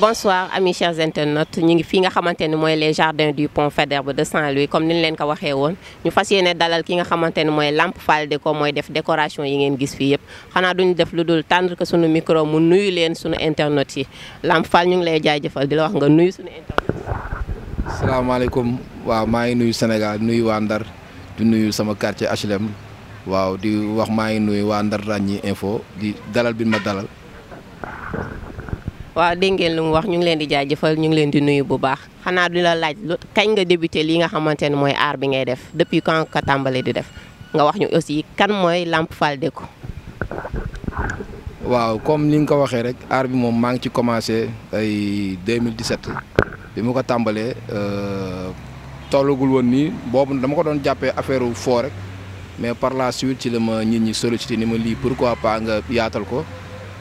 bonsoir ami chers internet ñu ngi fii nga xamante ni mooy les jardins du pont Faidherbe de Saint-Louis comme ni ñu leen ko waxee woon ñu fas yéene dalal ki nga xamante ni mooy Lamp Fall Déco mooy def décoration yi ngeen gis fii yëpp xanaa duñu def lu dul tendre que suñu micro mu nuyu leen suñu internet yi Lamp Fall ñu ngi lay jaajëfal di la wax nga nuyu suñu internautes yi. salaamaaleykum waaw maa ngi nuyu Sénégal nuyu waa Ndar di nuyu sama quartier HLM waaw di wax maa ngi nuyu waa Ndar Ràññi info di dalal bi ma waaw dégg ngeen lu mu wax ñu ngi leen di jaajëfal ñu ngi leen di nuyu bu baax xanaa du la laaj lu kañ nga débuté lii nga xamante ne mooy aar bi ngay def depuis quand ka tàmbalee di def nga wax ñu aussi kan mooy làmp Fall ko waaw comme ni nga ko waxee rek aar bi moom maa ngi ci commencé ay 2017 bi ma ko tàmbalee euh, tollagul woon nii boobu dama ko doon jàppee affaire foo rek mais par la suite ci la ma nit ñi sollicité ni ma lii pourquoi pas nga yaatal ko.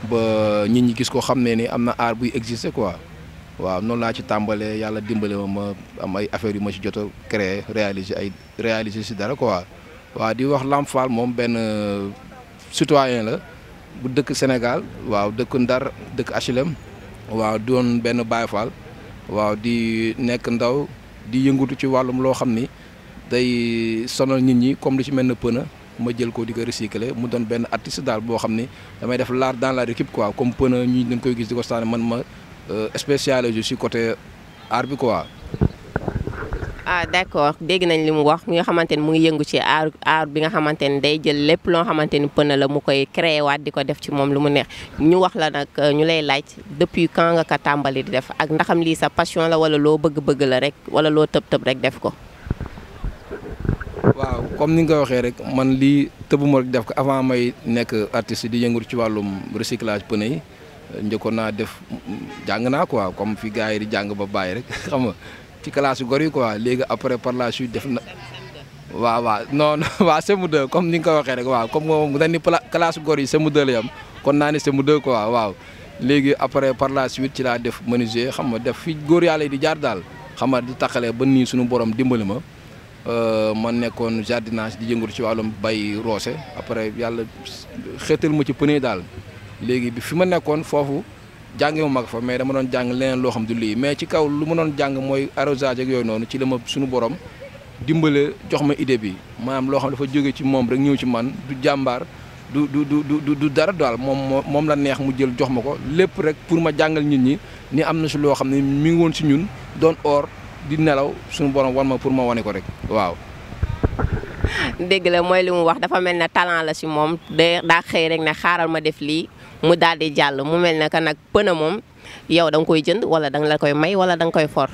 ba nit ñi gis ko xam ne ni am na aar buy exister quoi waaw noonu laa ci tàmbalee yàlla dimbale ma ma am ay affaires yu ma ci jot a créer réaliser ay réaliser si dara quoi waaw di wax Lamp Fall moom benn euh, citoyen la bu dëkk Sénégal waaw dëkk Ndar dëkk HLM waaw doon benn Baye Fall waaw di nekk ndaw di yëngatu ci wàllum loo xam ni day sonal nit ñi comme lu ci mel ne pëna ma jël ko di ko recycler mu doon benn artiste daal boo xam ne damay def l'art dans la récup quoi comme pneu ñi dañ koy gis di ko staane man ma euh, si côté art bi quoi. ah d'accord dégg nañ li mu wax mi nga xamante ni mu ngi yëngu ci aar aar bi nga xamante ni day jël lépp loo xamante ni pën la mu koy créé waat di ko def ci moom lu mu neex ñu wax la nag euh, ñu lay laaj depuis quand nga ko tàmbali di def ak ndaxam lii sa passion la wala loo bëgg-bëgg la rek wala loo tëb-tëb rek def ko. waaw comme ni nga ko waxee rek man lii tëbuma rek def ko avant may nekk artiste di yëngu ci wàllum recyclage pneu yi njëkkoon naa def jàng naa quoi comme fi gars yi di jàng ba bàyyi rek xam nga ci classe gor yi quoi léegi après par la def na. waaw waaw non non waaw CM2 comme ni nga ko waxee rek waaw comme moom dañ ni classe gor yi CM2 la yam kon naa ne CM2 quoi waaw. léegi après par la suite ci laa def menuisier xam ma def fi góor yàlla di jaar daal xam nga di taxalee ba nii suñu borom dimbali ma. Euh, ma nekkoon jardinage di yëngatu ci wàllum bay roose après yàlla xeetal ma ci pëne daal léegi bi fi ma nekkoon foofu jànge mu mag fa mais dama doon jàng leneen loo xam du lii mais ci kaw lu ma doon jàng mooy arrosage ak yooyu noonu ci la ma suñu borom dimbale jox ma idée bi maanaam loo xam dafa jóge ci moom rek ñëw ci man du jàmbaar du du du du du dara daal moom moom la neex mu jël jox ma ko lépp rek pour ma jàngal nit ñi ni am na si loo xam ne mi ngi si ñun doon or. di nelaw suñu borom wan ma pour ma wane ko rek waaw. dégg la mooy li mu wax dafa mel ne talent la si moom day daa xëy rek ne xaaral ma def lii mu daal di jàll mu mel ne que nag pënë moom yow danga koy jënd wala da la koy may wala danga koy for.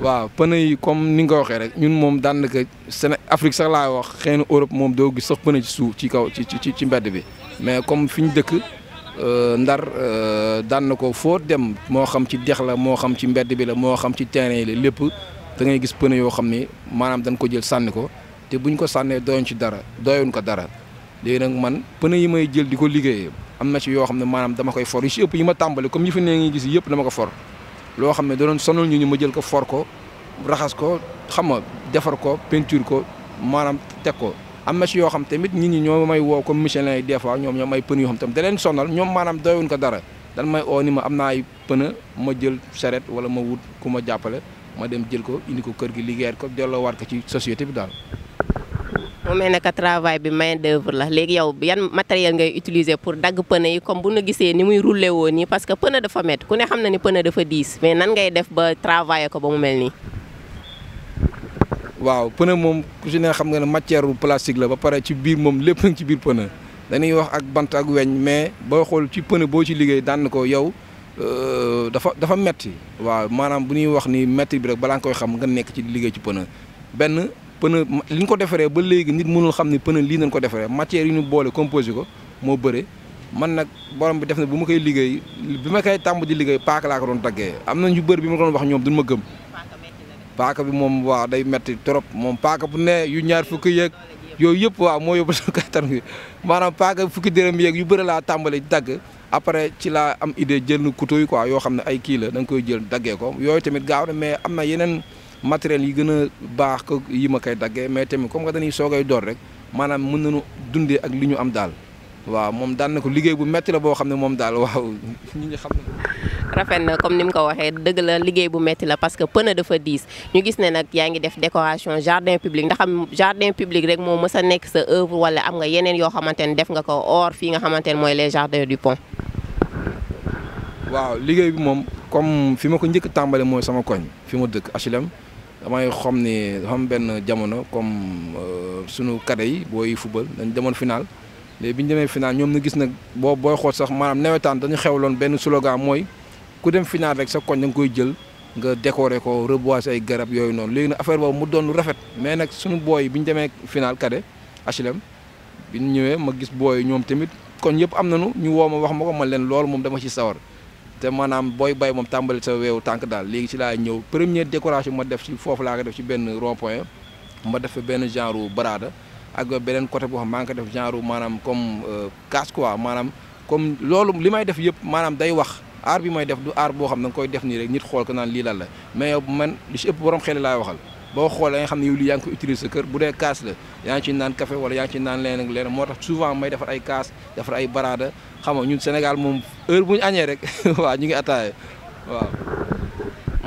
waaw pënë yi comme ni nga ko waxee rek ñun moom daanaka Séné Afrique sax laay wax xëy na Europe moom doo gis sax pënë ci suuf ci kaw ci ci ci mbedd bi mais comme fi ñu dëkk. Euh, ndar euh, daan na ko foo dem moo xam ci dex la moo xam ci mbedd bi la moo xam ci terrain yi la lépp da ngay gis pneu yoo xam ni maanaam dañ ko jël sànni ko te buñ ko sànnee doyoon ci dara doyoon ko dara léegi nag man pneu yi may jël di ko liggéeyee am na ci yoo xam ne maanaam dama koy for yu si ëpp yi ma tàmbali comme yi fi nee ngi gis yëpp dama ko for loo xam ne da doon sonal ñu ñu ma jël ko for ko raxas ko xam nga defar ko peinture ko maanaam teg ko am na si yoo xam tamit nit ñi ñoo may woo comme Michelin yi des fois ñoom ñoom ay pneu yoo xam tamit da leen sonal ñoom maanaam doyuñ ko dara dan may oo ni ma am naa ay pneu ma jël charrette wala ma wut ku ma jàppale ma dem jël ko indi ko kër gi liggéeyat ko delloo war ko ci societé bi daal. mu mel ne que bi main d'œuvre la léegi yow yan matériel ngay utiliser pour dagg pneu yi comme bu ñu gisee ni muy roulé woo nii parce que pneu dafa métti ku ne xam na ni pneu dafa diis mais nan ngay def ba travailler ko ba mu mel nii. waaw pneu moom ku ci ne xam nga ne matière plastique la ba pare ci biir moom lépp ngi ci biir pneu dañuy wax ak bant ak weñ mais boo xool ci pneu boo ci liggéey daan ko yow euh, dafa dafa metti waaw maanaam bu ñuy wax ni metti bi rek balaa nga koy xam nga nekk ci liggéey ci pneu benn li ñu ko defaree ba léegi nit mënul xam ni pneu lii nañ ko defaree matière yi ñu boole composé ko moo bëre man nag borom bi def na bu ma koy liggéey bi ma koy tàmb di liggéey paaka laa ko doon daggee am na ñu bëri bi ma doon wax ñoom duñ ma gëm paaka bi moom waaw day metti trop moom paaka bu nee yu ñaar fukki yeeg yooyu yëpp waaw moo yóbbu sa kattan bi maanaam paaka fukki dërëm yeeg yu bëri laa tàmbali dagg après ci laa am idée jël na couteau yi quoi yoo xam ne ay kii la da koy jël daggee ko yooyu tamit gaaw na mais am na yeneen matériels yi gën a baax ko yi ma koy daggee mais tamit comme que dañuy soogay door rek maanaam mën nañu dundee ak li ñu am daal waaw moom daan na ko liggéey bu metti la boo xam ne moom daal waaw ñi xam rafet na comme nim ko waxe deug la liggéey bu metti la parce que pneu dafa diis ñu gis ne nak yaangi def décoration jardin public ndax am jardin public rek mo mës nek sa œuvre wala am nga yenen yo xamantene def nga ko or fi nga xamantene moy les jardins du pont. waaw liggéey bi mom comme fi ma ko njëkk tàmbale mooy sama koñ fi ma dëkk HLM damay xom ni xom ben jamono comme euh, sunu kade yi booy football dañ demoon final. mais biñu démé final ñom na gis nak bo boy xool sax manam nawetaan dañu xewlon ben slogan moy ku dem final rek sa koñ da nga koy jël nga décorer ko reboiser ay garab yooyu noonu léegi nag affaire boobu mu doon lu rafet mais nag suñu booy bi ñu demee final cadet HLM bi ñu ñëwee ma gis booy ñoom tamit kon yëpp am nañu ñu woo ma wax ma ko ma leen loolu moom dama si sawar te maanaam booy bay moom tàmbali sa weewu tànk daal léegi si laa ñëw premier décoration ma def si foofu laa ko def si benn rond ma def fa benn genre baraada ak beneen côté boo xam maa ngi ko def genre maanaam comme euh, casque quoi maanaam comme loolu li may def yëpp maanaam day wax. aar bi may def du aar boo xam da nga koy def nii rek nit xool ko naan lii lan la mais man li si ëpp borom xel laay waxal boo xoolee nga xam ne yow lii yaa ngi ko utiliser sa kër bu dee kaas la yaa ngi ci naan café wala yaa ngi ci naan leneen ak leneen moo tax souvent may defar ay kaas defar ay baraada xam nga ñun Sénégal moom heure bu ñu añee rek waaw ñu ngi ataaya waaw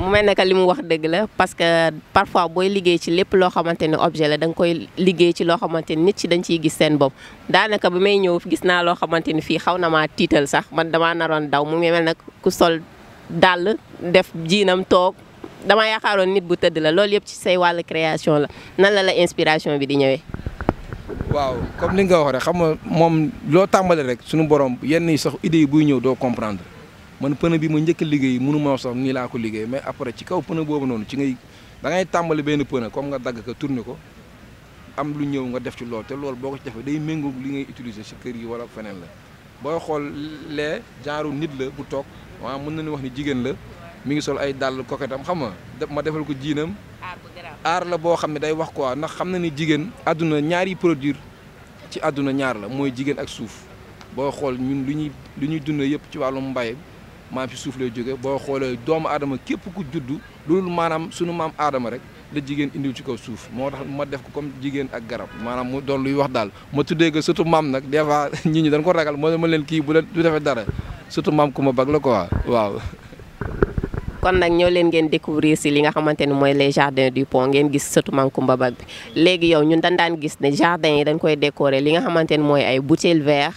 mu mel ne que li mu wax dëgg la parce que parfois booy liggéey ci lépp loo xamante ne objet la danga koy liggéey ci loo xamante ni nit ci dañ ciy gis seen bopp daanaka bi may ñëw gis naa loo xamante ni fii xaw na maa tiital sax man damaa naroon daw mu ngi mel nag ku sol dàll def jiinam toog dama yaakaaroon nit bu tëdd la loolu yëpp ci say wàll création la nan la la inspiration bi di ñëwee. waaw comme li nga wax rek xam nga moom loo tàmbali rek suñu borom yenn yi sax idées buy ñëw doo comprendre. man pneu bi ma njëkk liggéey mënu ma wax sax nii laa ko liggéey mais après ci kaw pneu boobu noonu ci ngay da ngay tàmbali benn pneu comme nga dagg ko turne ko am lu ñëw nga def ci lool te loolu boo ko ci defee day méngoog li ngay utiliser si kër yi wala feneen la booy xool lee genre nit la bu toog waaw mën nañu wax ni jigéen la mi ngi sol ay dàll koketam xam nga ma defal ko jiinam aar la boo xam ne day wax quoi ndax xam na ni jigéen àdduna ñaari produire ci àdduna ñaar la mooy jigéen ak suuf boo xool ñun lu ñuy lu ñuy dund yëpp ci wàllum mbay maam ci suuf lay jóge boo xoolee doomu aadama képp ku juddu loolu maanaam sunu maam aadama rek la jigéen indiw ci kaw suuf moo tax ma def ko comme jigéen ak garab maanaam mu doon luy wax daal ma tuddee ko surtout maam nag des fois nit ñi dañ ko ragal moo ma leen kii bu leen du dara surtout maam ma bag la quoi waaw. kon nag ñoo leen ngeen découvrir si li nga xamante ni mooy les jardins du pont ngeen gis sëtu Mame Coumba Bag bi léegi yow ñun dañ daan gis ne jardin yi dañ koy décorer li nga xamante ni mooy ay bouteilles verre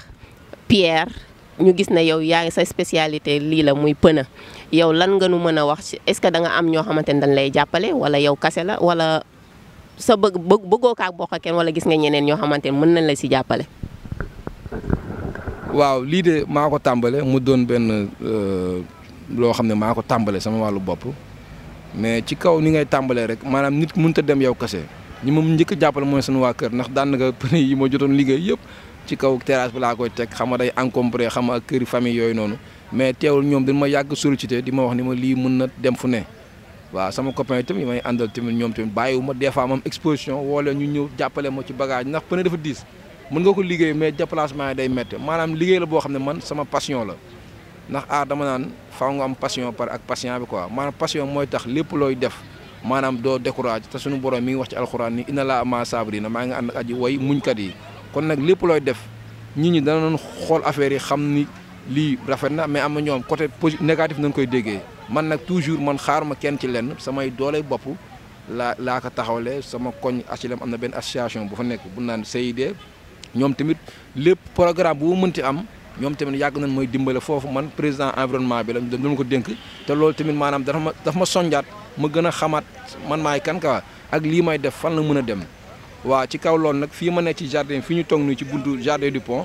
pierre ñu gis ne yow yaa sa spécialité lii la muy pëna yow lan nga nu mën a wax est-ce que da nga am ñoo xamante ne dañ lay jàppale wala yow kase la wala sa bëgg bëggoo kaa bokk kenn wala gis nga ñeneen ñoo xamante ne mën nañ la si jàppale. waaw lii de maa ko tàmbale mu doon benn euh, loo xam ne maa ko tàmbale sama wàllu bopp mais ci kaw ni ngay tàmbalee rek maanaam nit mënut a dem yow kase ñi moom njëkk jàppale mooy sunu waa kër ndax daanaka pëne yi moo jotoon liggéey yëpp. ci kaw terrasse bi laa koy teg xam nga day encombré xam nga kër famille yooyu noonu mais teewul ñoom dañ ma yàgg sollicité di ma wax ni ma lii mën na dem fu ne waaw sama copain tamit yi may àndal tamit ñoom tamit bàyyiwu ma des fois ma am wala ñu ñëw jàppale ma ci bagage ndax pneu dafa diis mën nga ko liggéey mais déplacement yi day métti maanaam liggéey la boo xam ne man sama passion la ndax aar dama naan faaw nga am passion par ak patient bi quoi maanaam passion mooy tax lépp looy def maanaam doo découragé te suñu borom mi ngi wax ci alxuraan ni inna laa ma sabrina maa ngi ànd aji way muñkat yi kon nag lépp looy def nit ñi danañ xool affaire yi xam ni lii rafet na mais am na ñoom côté négatif nañ koy déggee man nag toujours man xaaruma kenn ci lenn samay doolee bopp laa laa ko taxawle sama koñ HLM am na benn association bu fa nekk bu naan CID ñoom tamit lépp programme bu mënti am ñoom tamit yàgg nañ mooy dimbale foofu man président environnement bi la dañu ko dénk te loolu tamit maanaam dafa ma dafa ma sonjaat ma gën a xamaat man maay kan ak lii may def fan la mën a dem waaw ci kaw loolu nag fii ma nekk ci jardin fi ñu toog nii ci buntu jardin du pont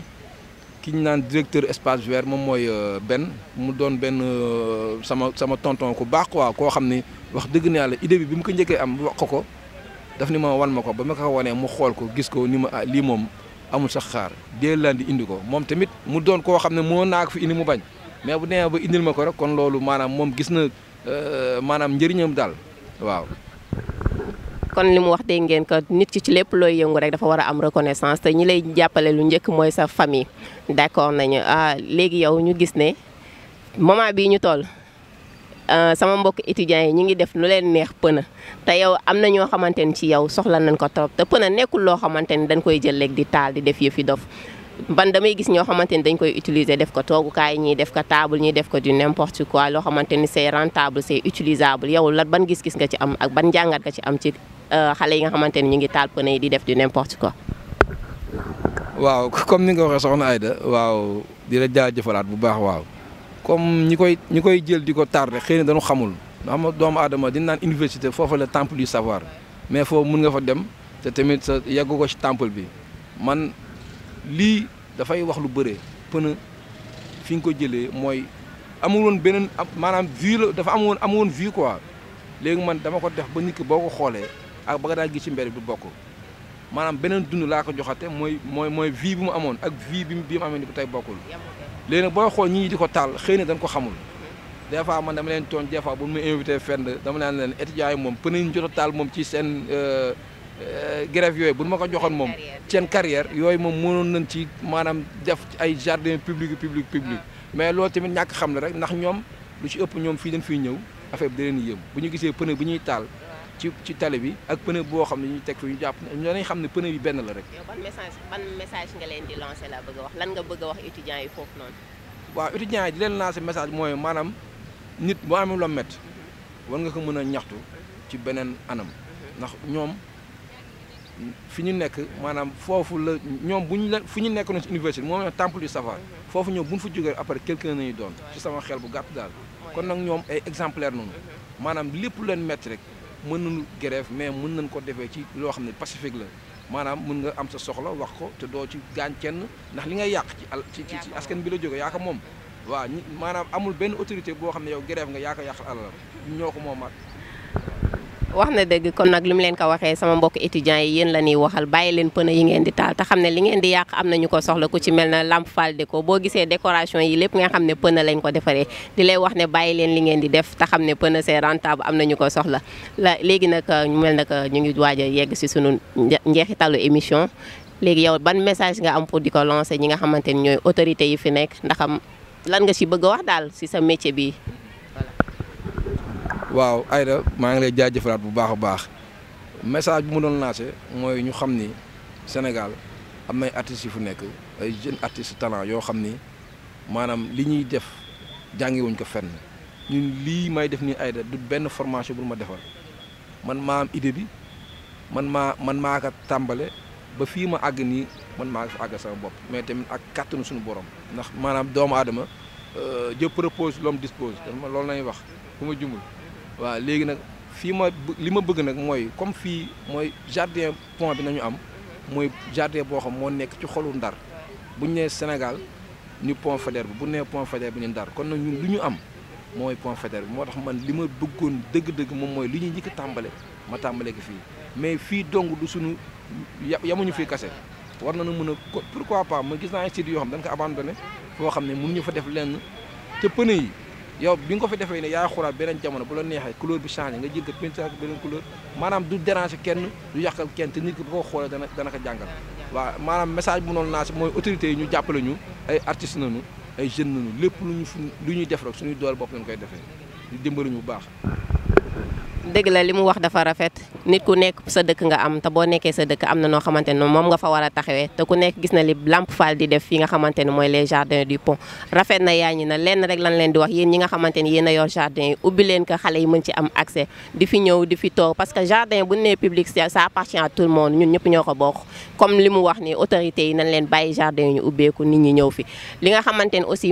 ki ñu naan directeur espace vert moom mooy euh, benn mu doon benn euh, sama sama tonton ku baax quoi koo xam ni wax dëgg ne yàlla idée bi bi mu ko njëkkee am wax ko daf ni ma wan ma ko ba ma ko wanee mu xool ko gis ko ni ma ah lii moom amul sax xaar dee laan di indi ko moom tamit mu doon koo xam ne moo naa ko fi indi mu bañ mais bu demee ba indil ma ko rek kon loolu maanaam moom gis na euh, maanaam njëriñam daal waaw. kon li mu wax dégg ngeen ko nit ki ci lépp looy yëngu rek dafa war a am reconnaissance te ñi lay jàppale lu njëkk mooy sa famille. d'accord nañu ah léegi yow ñu gis ne moment bii ñu toll euh, sama mbokk étudiants yi ñu ngi def lu leen neex a te yow am na ñoo xamante ni ci yow soxla nañ ko trop te pën a nekkul loo xamante ni dañ koy jël léegi di taal di def yëfi dof. ban damay gis ñoo xamante ni dañ koy utiliser def ko toogukaay ñii def ko table ñii def ko du n'importe quoi loo xamante ni c'est rentable c'est utilisable yow la ban gis-gis nga ci am ak ban njàngat nga ci am ci Euh, xale yi nga xamante ni ñu ngi taal pneu yi di def du n'importe quoi. comme ni nga ko waxee soxna da waaw di la jëfalaat bu baax waaw comme ñi koy ñi koy jël di ko tardé xëy na dañu xamul xam nga doomu aadama di naan université foofu la temple du mais foofu mun nga fa dem te tamit sa yeggu ko ci temple bi man lii dafay wax lu bëre pneu fi nga ko jëlee mooy amul woon beneen maanaam vue la dafa am woon am woon vue quoi léegi man dama ko def ba nit boo ko xoolee. ak ba nga daan gis ci mbedd bi du bokk maanaam beneen dund laa ko joxate mooy mooy mooy vie bi mu amoon ak vie bi bi mu amee ni bu tey bokkul léegi nag booy xool ñii di ko taal xëy na dañ ko xamul des fois man dama leen tooñ des fois bu mu invité fenn dama naan leen étudiants yi moom pën nañ jot taal moom ci seen euh, euh, grève yooyu bu ma ko joxoon moom seen carrière yooyu moom mënoon nañ ci maanaam def ay jardin public public public ah. mais loolu tamit ñàkk xam la rek ndax ñoom lu ci ëpp ñoom fii dañ fiy ñëw affaire bi da leen yëm bu ñu gisee pneu bi ñuy taal ci ci tali bi ak pneu boo xam ne ñu teg ñu jàpp ne danañ xam ne pneu yi benn la rek. message ban message nga leen di lancer la bëgg a lan nga bëgg a wax étudiants yi foofu noonu. waaw étudiants yi di leen lancer message mooy maanaam nit boo amee loo métti war nga ko mën a ñaxtu ci beneen anam ndax ñoom. fi ñu nekk maanaam foofu la ñoom bu ñu la fu ñu nekk noonu ci université moom la temple du savoir foofu ñoom bu ñu fa jógee après quelqu'un nañu doon ci sama xel bu gàtt daal kon nag ñoom ay exemplaire noonu mhm. maanaam lépp leen metti rek mën nañu grève mais mën nañ ko defee ci loo xam ne pacifique la maanaam mën nga am sa soxla wax ko te doo ci gaañ kenn ndax li ngay yàq ci al ci ci askan bi la jóge yaa moom waa ñi maanaam amul benn autorité boo xam ne yow grève nga yaa ko yàqal alalam ñoo ko moomaat wax na dëgg kon nag li mu leen ko waxee sama mbokk étudiants yi yéen la waxal bàyyi leen pën yi ngeen di taal te xam ne li ngeen di yàq am na ñu ko soxla ku ci mel na Lamp Fall boo gisee décoration yi lépp nga xam ne pneu lañ ko defaree di lay wax ne bàyyi leen li ngeen di def te xam ne pën c'est rentable am na ñu ko soxla léegi nag euh, ñu mel nag euh, ñu ngi waaj a yegg si sunu njeexitalu émission léegi yow ban message nga am pour di ko lancer ñi nga xamante ni ñooy autorités yi fi nekk ndax lan nga si bëgg a wax daal si sa métier bi waaw Aïda maa ngi lay jaajëfalaat bu baax a baax message bu mu doon lancé mooy ñu xam ni Sénégal am nay artistes yu fu nekk ay jeunes artistes talent yoo xam ni maanaam li ñuy def jàngewuñ ko fenn ñun lii may def nii Aïda du benn formation bu ma defal man maa am idée bi man maa man maa ko tàmbale ba fii ma àgg nii man maa ngi fa àgg sama bopp mais tamit ak kàttanu suñu borom ndax maanaam doomu aadama Dieu propose l'homme dispose loolu lañuy wax ku ma jumul waaw léegi nag fii ma li ma bëgg nag mooy comme fii mooy jardin pont bi nañu am mooy jardin boo xam moo nekk ci xolu Ndar bu ñu nee Sénégal ñu pont bi bu nee pont Faidherbe bi ñu Ndar kon nag ñun lu ñu am mooy pont Faidherbe bi moo tax man li ma bëggoon dëgg-dëgg moom mooy li ñuy njëkk tàmbale ma tàmbale ko fii mais fii dong du suñu yamuñu fii kase war na nañu mën a pourquoi pas ma gis naa institut yoo xam dañ ko abandonné foo xam ne mënuñu fa def lenn te pneu yi yow bi nga ko fi defee ne yaa xuraat beneen jamono bu la neexee couleur bi changé nga jël ko peinture beneen couleur maanaam du déranger kenn du yàqal kenn te nit ki bu ko xoolee dana dana ko jàngal waaw maanaam message bu noonu naa si mooy autorités yi ñu jàppale ñu ay artistes nañu ay jeunes nañu lépp lu ñu fu lu ñuy def rek suñuy doole bopp lañ koy defee ñu dimbali ñu bu baax dëgg la li mu wax dafa rafet nit ku nekk sa dëkk nga am te boo nekkee sa dëkk am na noo xamante moom nga fa war a taxawee te ku nekk gis na li Lamp Fall di def fi nga xamante ne mooy les jardins du pont rafet na yaa rek lan leen di wax yéen ñi nga a yor jardin yi ubbi leen ko xale yi mën ci am que jardin bu nee public ça appartient à tout le monde ñun yi nañ leen bàyyi jardin yi ñu ubbeeku nit ñi ñëw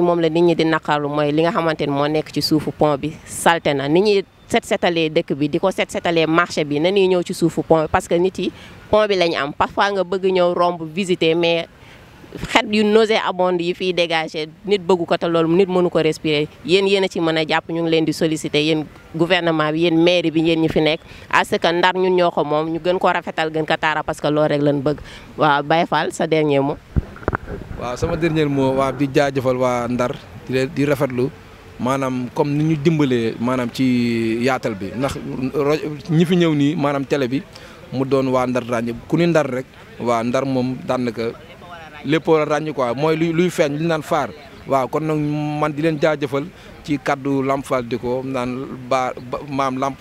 moom la nit ñi di naqarlu mooy li nga xamante ne moo nekk ci suufu pont bi salte na nit ñi set setalee dëkk bi di ko set setalee marché bi na ñuy ñëw ci suufu pont parce que nit yi pont bi lañu am parfois nga bëgg ñëw romb visiter mais xet yu nauséabonde yi fiy dégager nit bëggu ko te loolu nit mënu ko respirer yéen yéen a ci mën a jàpp ñu ngi leen di solliciter yéen gouvernement bi yéen mairie bi yéen ñi fi nekk à que ndar ñun ñoo ko moom ñu gën ko rafetal gën ko taara parce que loolu rek lañ bëgg waa Baye Fall sa dernier mot. waaw sama dernier mot waa di jaajëfal waa Ndar di rafetlu. maanaam comme ni ñu dimbalee maanaam ci yaatal bi ndax ñi fi ñëw nii maanaam télé bi mu doon waa ndar ràññ ku ni ndar rek waa ndar moom daanaka lépp war a ràññ quoi mooy luy luy feeñ li naan faar waaw kon nag man di leen jaajëfal ci kaddu Lamp Fall Déco naan ba maam Lamp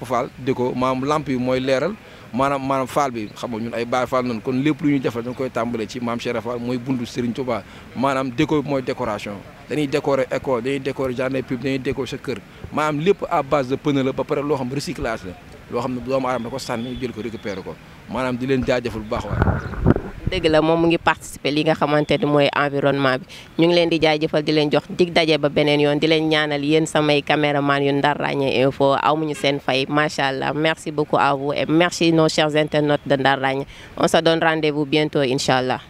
di ko maam làmp yi mooy leeral maanaam maanaam faal bi xam nga ñun ay baay faal noonu kon lépp lu ñu def dañ koy tàmbale ci maam Cheikh Fall mooy bundu Serigne Touba maanaam déco mooy décoration dañuy décorer école dañuy décorer jardin public dañuy décorer sa kër maanaam lépp à base de pneu la ba pare loo xam recyclage la loo xam ne doomu aadama da ko sànni jël ko récupérer ko maanaam di leen jaajëfal bu baax waaye dëgg la moom mu ngi participer li nga xamante ni mooy environnement bi ñu ngi leen di jaajëfal di leen jox dig daje ba beneen yoon di leen ñaanal yéen samay caméraman yu Ndar Raññe Info amuñu seen fay macha allah merci beaucoup à et merci nos chers internautes de Ndar Raññe on se donne rendez-vous bientôt incha allah.